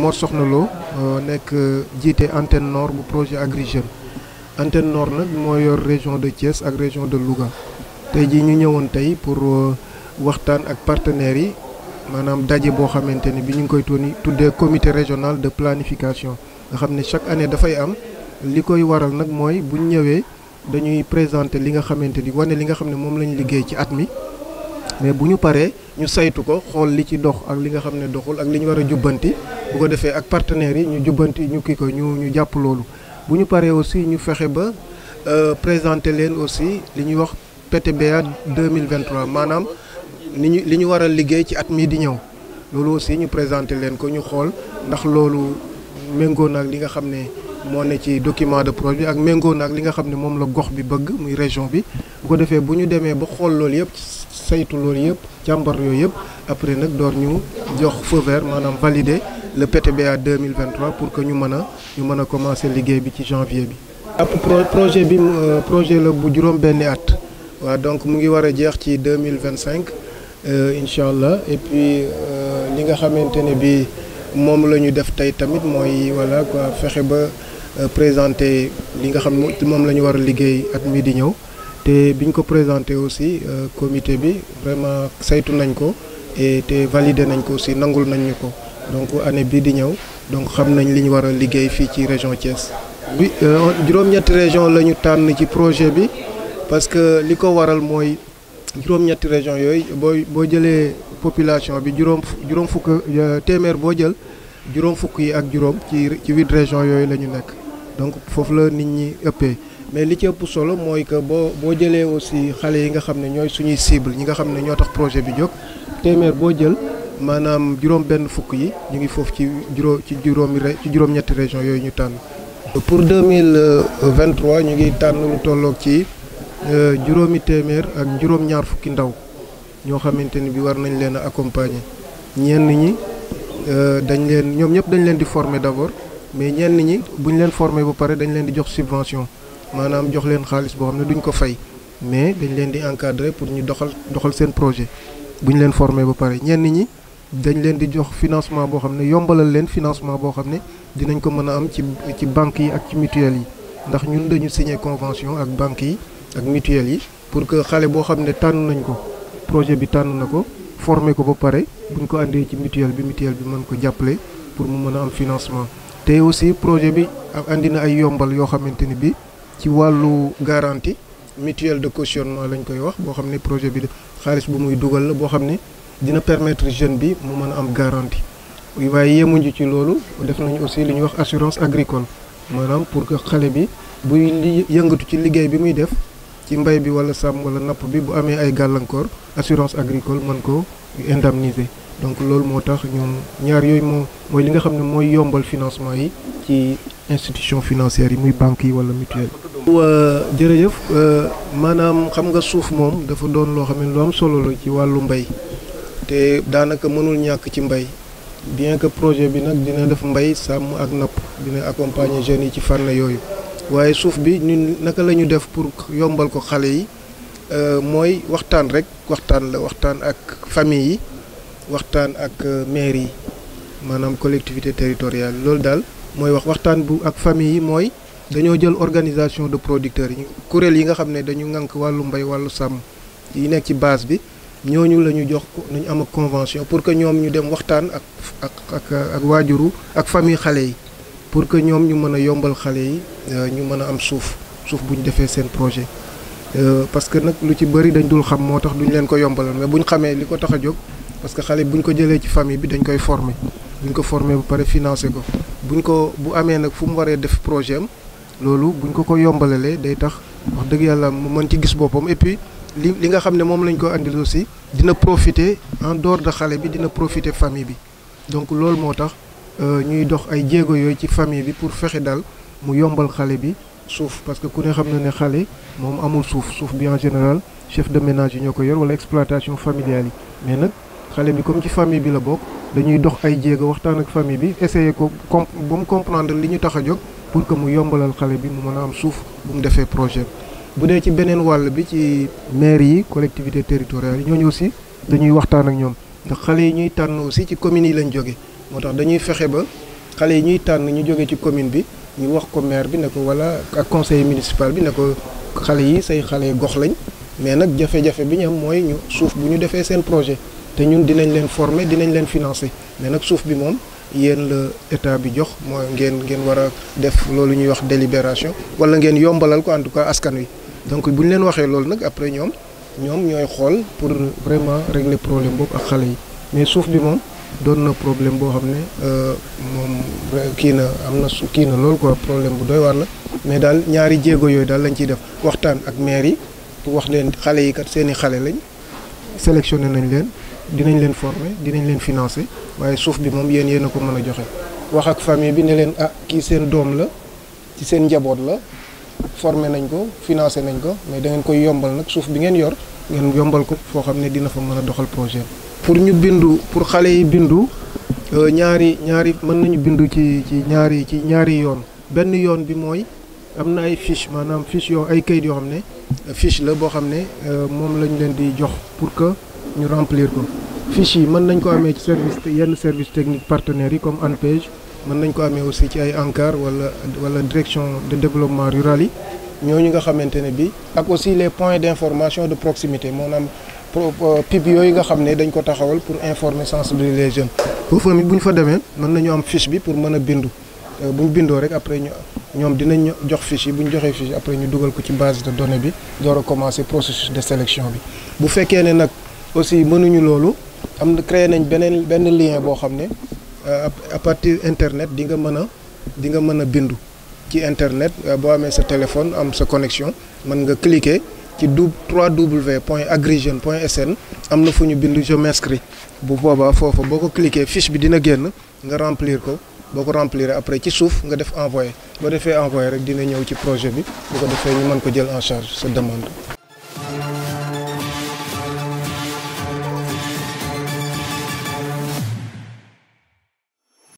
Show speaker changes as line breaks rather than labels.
Mor Soxna Lo euh, nekk jiite antenne nord bu projet Agri Jeunes antenne nord nag moo yor région de Thiès ak région de Louga tey jii ñu ñëwoon tey pour euh, waxtaan ak partenaires yi maanaam daje boo xamante ni bi ñu ngi koy toni tuddee comité régional de planification nga xam ne chaque année dafay am li koy waral nag mooy bu ñëwee dañuy présenter li nga xamante ni wane li nga xam ne moom lañu liggéey ci at mi mais bu ñu paree ñu saytu ko xool li ci dox ak li nga xam ne doxul ak li ñu war a jubbanti bu ko defee ak partenaires yi ñu jubbanti ñu kii ko ñu ñu jàpp loolu bu ñu paree aussi ñu fexe ba euh, présenter leen aussi li ñuy wax PTBA 2023 maanaam ni ñu li ñu waral liggéey ci at mii di ñëw loolu aussi ñu présenter leen ko ñu xool ndax loolu méngoo na ak li nga xam ne moo ne ci document de projet ak méngoo na li nga xam ne moom la gox bi bëgg muy région bi bu ko defee bu ñu demee ba xool loolu yëpp saytu loolu yëpp càmbar yooyu yëpp après nag door ñu jox feu maanaam valider le PTBA 2023 pour que ñu mën a ñu mën a commencer liggéey bi ci janvier bi. jàpp projet bi mu euh, projet la bu juróom-benni at. waaw donc mu ngi war a jeex ci 2025 euh, incha allah et puis euh, li nga xamante ne bi moom la ñu def tey tamit mooy voilà quoi fexe ba présenter li nga xam moom la ñu war a liggéey at mi di ñëw te bi ñu ko présenter aussi comité bi vraiment saytu nañ ko et te validé nañ ko aussi nangul nañ ñu ko. donc année bii di ñëw donc xam nañ li ñu war a liggéey fii ci région Thiès. bi euh, juróom-ñetti région la ñu tànn ci projet bi parce que li ko waral mooy juróom-ñetti région yooyu booy boo jëlee population bi juróom juróom fukk euh, téeméer boo jël juróom fukk yi ak juróom ci ci huit région yooyu la ñu nekk donc foofu la nit ñi ëppee mais li ci ëpp solo mooy que boo boo jëlee aussi xale yi nga xam ne ñooy suñuy cible ñi nga xam ne ñoo tax projet bi jóg téeméer boo jël. maanaam juróom benn fukk yi ñu ngi foofu ci juróom ci juróomi ci juróom-ñetti région yooyu ñu tànn. pour 2023 euh, ñu ngi tànn lu tolloog ci euh, juróomi téeméer ak juróom-ñaar fukki ndaw ñoo xamante ni bi war nañ leen a accompagner ñenn ñi euh, dañ leen ñoom ñëpp dañ leen di former d'abord mais ñenn ñi bu ñu leen former ba pare dañ leen di jox subvention maanaam jox leen xaalis boo xam ne duñ ko fay mais dañ leen di encadrer pour ñu doxal doxal seen projet bu ñu leen former ba pare ñenn ñi. dañ leen di jox financement boo xam ne yombalal leen financement boo xam ne dinañ ko mën a am ci ci banques yi ak ci mutuelle yi ndax ñun dañu signé convention ak banque yi ak mutuelle yi pour que xale boo xam ne tànn nañ ko projet bi tànn na ko formé ko ba pare buñ ko indee ci mutuelle bi mutuelle bi mën ko jàppale pour mu mën a am financement te aussi projet bi indi na ay yombal yoo xamante ni bi ci wàllu garanti mutuelle de cautionnement lañ koy wax boo xam ne projet bi xaalis bu dugal la boo xam ne dina permettre jeune bi mu mën a am garantie waaye yemuñu ci loolu def nañu aussi li ñuy wax assurance agricole maanaam pour que xale bi buy li yëngatu ci liggéey bi muy def ci mbay bi wala sàmm wala napp bi bu amee ay gàllankoor assurance agricole mën ko indemniser donc loolu moo tax ñu ñaar yooyu moo mooy li nga xam ne mooy yombal financement yi ci institution financière yi muy banque yi wala mutuelle euh, jërëjëf euh, maanaam xam nga suuf moom dafa doon loo xam ne lu solo ci wàllu mbay te daanaka mënul ñàkk ci mbay bien que projet bi nag dina def mbay sàmm ak napp dina accompagner jeunes yi ci fànn yooyu waaye suuf bi ñun naka la ñu def pour yombal ko xale yi euh, mooy waxtaan rek waxtaan la waxtaan ak famille yi waxtaan ak euh, maire yi maanaam collectivité territoriale loolu daal mooy wax waxtaan bu ak famille yi mooy dañoo jël organisation de producteurs yi kuréel yi nga xam ne dañu ŋànk wàllu mbay wàllu sàmm yi nekk ci base bi ñooñu la ñu jox nañu am ak convention pour que ñoom ñu dem waxtaan ak ak ak ak waajuru ak famille xale yi pour que ñoom ñu mën a yombal xale yi euh, ñu mën a am suuf suuf bu ñu defee seen projet euh, parce que nag lu ci bari dañ dul xam moo tax duñ leen ko yombalal mais bu ñu xamee li ko tax a jóg parce que xale bu ñu ko jëlee ci famille bi dañ koy former bu ñu ko former ba pare financer ko bu ñu ko bu amee nag fu mu waree def projet am loolu buñ ko ko yombalalee day tax wax dëgg yàlla mu mën ci gis boppam et puis li li nga xam ne moom lañ ko andil aussi dina profité en dehors de xale bi dina profiter famille bi donc loolu moo tax euh, ñuy dox ay jéego yooyu ci famille bi pour fexe dal mu yombal xale bi suuf parce que ku ne xam na ne xale moom amul suuf suuf bi en général chef de ménage yi ñoo ko yor wala exploitation familiale yi mais nag xale bi comme ci famille bi la bokk dañuy dox ay jéego waxtaan ak famille bi essayer ko com ba mu comprendre li ñu tax a jóg pour que mu yombalal xale bi mu mën a am suuf bu mu defee projet bu dee ci beneen wàll bi ci maire yi collectivité territoriale yi ñooñu aussi dañuy waxtaan ak ñoom ndax xale yi ñuy tànn aussi ci communes yi lañ jóge moo tax dañuy fexe ba xale yi ñuy tànn ñu jóge ci commune bi ñu wax ko maire bi ne ko wala ak conseil municipal bi ne ko xale yi say xale gox lañ mais nag jafe-jafe bi ñu mooy ñu suuf bu ñu defee seen projet te ñun dinañ leen former dinañ leen financer mais nag suuf bi moom yéen la état bi jox mooy ngeen ngeen war a def loolu ñuy wax délibération wala ngeen yombalal ko en tout cas askan wi donc bu ñu leen waxee loolu nag après ñoom ñoom ñooy xool pour vraiment régler problème boobu ak xale yi mais suuf bi moom doon na problème boo xam ne euh, moom kii na am na su kii na loolu quoi problème bu doy waar la mais daal ñaari jéego yooyu daal lañ ciy def waxtaan ak mair yi pour wax leen xale yi kat seeni xale lañ sélectionné nañ leen dinañ leen former dinañ leen financer waaye suuf bi moom yéen yéen a ko mën a joxe wax ak famille bi ne leen ah kii seen doom la ci seen njaboot la formé nañ ko financé nañ ko mais dangeen koy yombal nag suuf bi ngeen yor ngeen yombal ko foo xam ne dina fa mën a doxal projet pour ñu bindu pour xale yi bindu euh, ñaari ñaari mën nañu bindu ci ci ñaari ci ñaari yoon benn yoon bi mooy am na ay fiche maanaam fiche yoo ay kayit yoo xam ne euh, fiche la boo xam ne euh, moom lañ leen di jox pour que ñu remplir ko fiche yi mën nañ ko amee ci service yenn service technique partenaires yi comme ANPEJ mën nañ ko amee aussi ci ay ANCAR wala wala direction de développement rural yi ñoo ñooñu nga xamante ne bi ak aussi les points d'information de proximité pro euh, pib yooyu nga xam ne dañ ko taxawal pour informer sensibiliser les jeunes foofu tamit bu ñu fa demee mën nañu am fiche bi pour mën a bindu euh, bu ñu bindoo rek après ñu ñoom dinañ jox fiche yi bu ñu joxee fiche yi après ñu dugal ko ci base de données bi door a commencer processus de sélection bi bu fekkee ne nag aussi mënuñu loolu am na nañ beneen benn lien boo xam ne euh, à partir internet di nga mën a di nga mën a bindu ci internet euh, boo amee sa téléphone am sa connexion mën nga cliquer ci du 3w point agrijeune point sn am na fu ñu bind je m'inscris bu boobaa foofa boo ko cliquer fiche bi dina génn nga remplir ko boo ko remplir après ci suuf nga def envoyé boo defee envoyé rek dina ñëw ci projet bi boo ko defee ñu mën ko jël en charge sa demande.